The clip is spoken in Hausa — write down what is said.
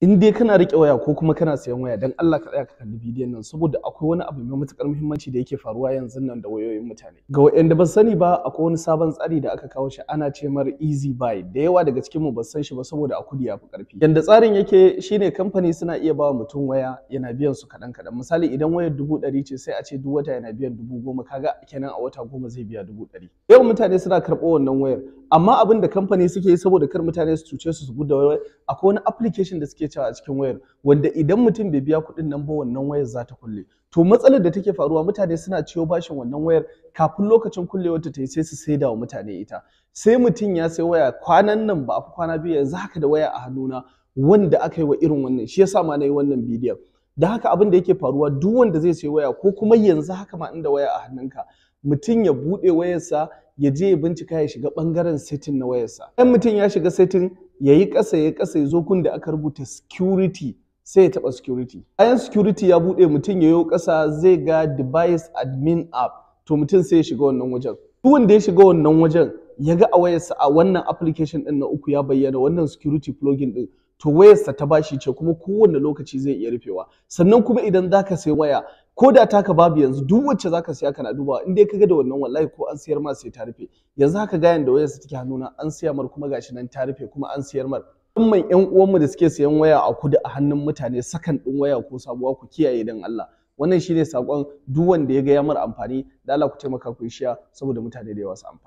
in dai kana riƙe waya ko kuma kana sayan waya dan Allah ka tsaya ka kalli bidiyon nan saboda akwai wani abu mai matukar muhimmanci da yake faruwa yanzu nan da wayoyin mutane ga wayanda ba sani ba akwai wani sabon tsari da aka kawo shi ana ce mar easy buy da yawa daga cikin mu ba san shi ba saboda a kudi yafi karfi yanda tsarin yake shine kamfani suna iya ba mutum waya yana biyan su kadan kadan misali idan wayar dubu ɗari ce sai a ce duk wata yana biyan dubu goma kaga kenan a wata goma zai biya dubu ɗari yau mutane suna karɓo wannan wayar amma abin da kamfani suke yi saboda kar mutane su cuce su su gudu wayar akwai wani application da suke cewa a cikin wayar wanda idan mutum bai biya kuɗin nan ba wannan wayar za ta kulle to matsalar da take faruwa mutane suna ciwo bashin wannan wayar kafin lokacin kullewar ta yi sai su saida wa mutane ita sai mutum ya sai waya kwanan nan ba a fi kwana biyu yanzu haka da waya a hannuna wanda aka yi wa irin wannan shi yasa ma na yi wannan bidiyon da haka abin da yake faruwa duk wanda zai sayi waya ko kuma yanzu haka ma inda waya a hannunka mutum ya buɗe wayarsa ya je ya bincika ya shiga ɓangaren setin na wayarsa idan mutum ya shiga setin ya yi ƙasa ya ƙasa ya zo kun aka rubuta security sai ya taɓa security bayan security ya buɗe mutum ya yi ƙasa zai ga device admin app to mutum sai ya shiga wannan wajen duk wanda ya shiga wannan wajen ya ga a wayarsa a wannan application ɗin na uku ya bayyana wannan security plugin ɗin to wayarsa ta bashi ce kuma kowane lokaci zai iya rufewa sannan kuma idan za ka sai waya ko da taka babu yanzu duk wacce zaka siya kana duba in dai kaga da wannan wallahi ko an siyar ma sai ta rufe yanzu haka gayan da wayar su take hannuna an siya mar kuma gashi nan ta rufe kuma an siyar mar musamman yan uwanmu da suke sayan waya a kudu a hannun mutane sakan ɗin waya ko sabuwa ku kiyaye dan Allah wannan shine sakon duk wanda ya ga ya mar amfani da ku taimaka ku shiya saboda mutane da yawa su amfana